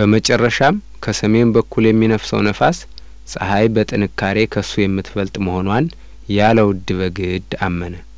በመጨረሻም ከሰሜን በኩል የሚነፍሰው ነፋስ ፀሐይ በጥንካሬ ከሱ የምትበልጥ መሆኗን ያለውድ በግድ አመነ